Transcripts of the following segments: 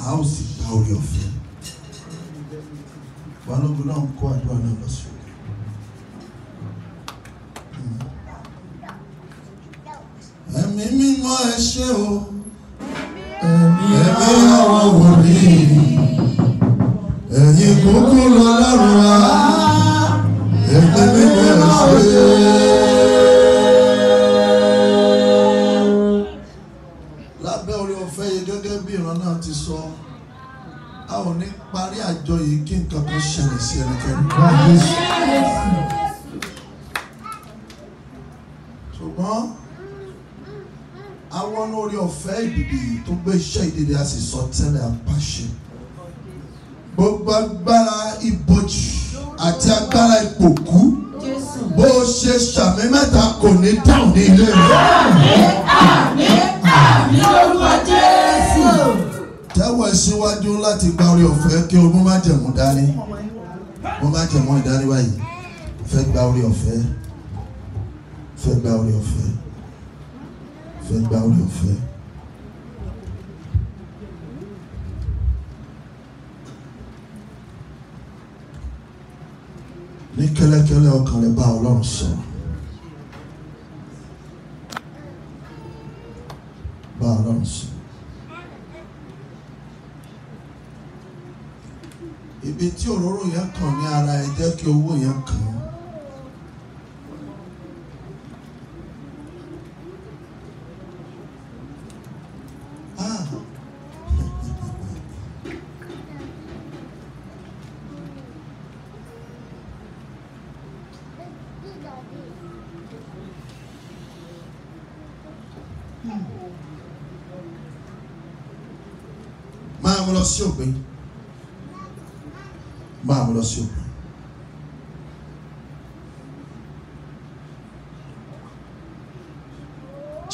a ó sì gba orí ọ̀fẹ́ balógun náà ń kó àdúrà náà lọ sí òkè. ẹ̀mí mímọ́ ẹ ṣé o ẹ̀mí àwọn wòlíì ẹ̀yin kúkú lọ lọ́rùn wa. a ò ní parí àjọ yìí kí nǹkan kan ṣẹlẹ̀ sí ẹnikẹ́ni. ṣùgbọ́n àwọn lórí ọ̀fẹ́ ìdìbì tó gbé iṣẹ́ ìdìbì a sì sọ tẹ́lẹ̀ apáṣẹ. gbogbo agbára ibojì àti agbára ìpòkú bó ṣe ṣàmì mẹ́ta kò ní dáhùn ní ilé rẹ̀. fẹ́ kí o mo má jẹ̀mú dání mo má jẹ̀mú ìdání báyìí fẹ́ gba orí ọ̀fẹ́ fẹ́ gba orí ọ̀fẹ́ fẹ́ gba orí ọ̀fẹ́. ní kẹ́lẹ́kẹ́lẹ́ ọkàn rẹ bá Ọlọ́run sọ̀rọ̀. bá Ọlọ́run sọ̀rọ̀. ibi tí òróró yẹn kàn ní ara ẹ jẹ́ kí owó yẹn kàn án. Ah. Hmm. máa mú lọ sí òpin máa mú lọ sí òpin.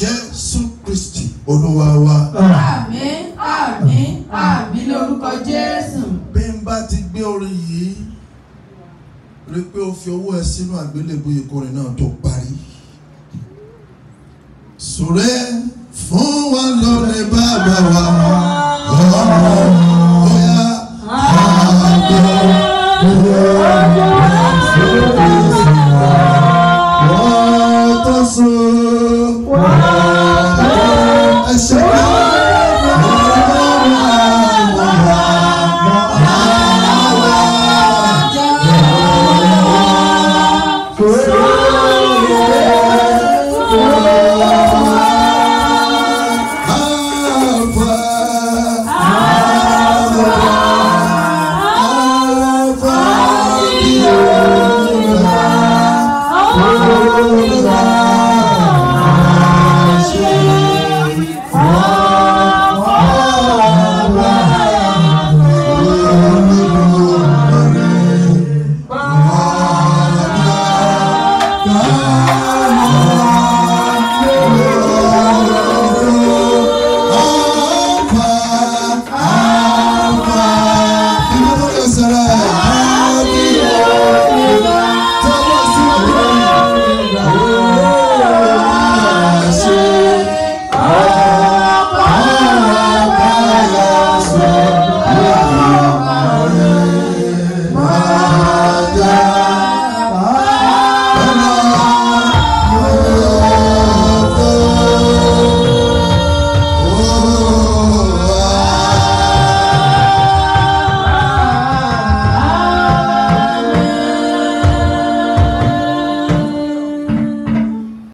Jésù Kristi Olúwa wa. Àmín àmín àmín lórúkọ Jésù. Bí n bá ti gbé orin yìí rí pé ó fi owó ẹ sínú àgbélébùú ìkórè náà tó parí. Sùrẹ́ fún wa lọ́rẹ̀ bàbá.